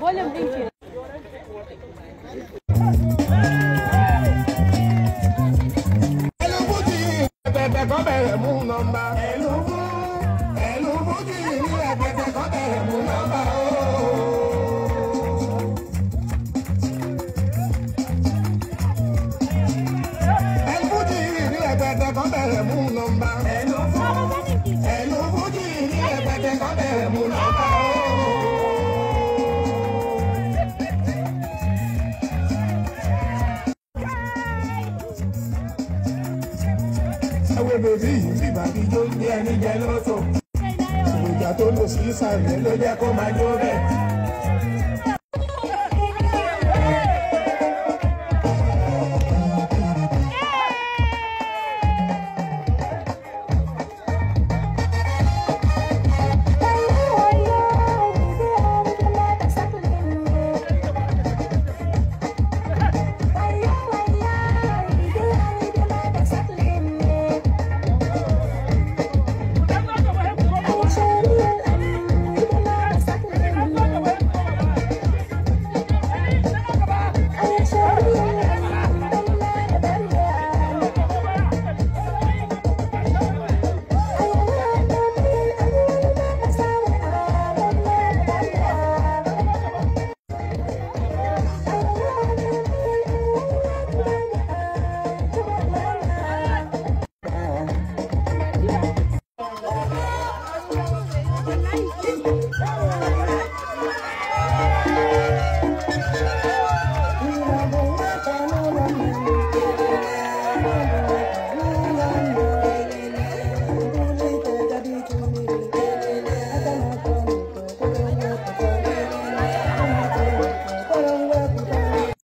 Olha, mentira. kọ́ bẹ̀rẹ̀ mú nọ́mbà. ẹ̀lú mú ẹ̀lú mú kì í ní ẹ̀gbẹ̀dẹ̀ kọ́ bẹ̀rẹ̀ mú nọ́mbà o. ẹ̀lú mú kì í ní ẹ̀gbẹ̀dẹ̀ kọ́ bẹ̀rẹ̀ mú nọ́mbà. ẹwé bèbí sì bá mi jó ní ẹni jẹ lọ́sọ̀. ìjà tó lò sí ìsàlẹ̀ ló jẹ́ kó máa jó bẹ́ẹ̀. Thank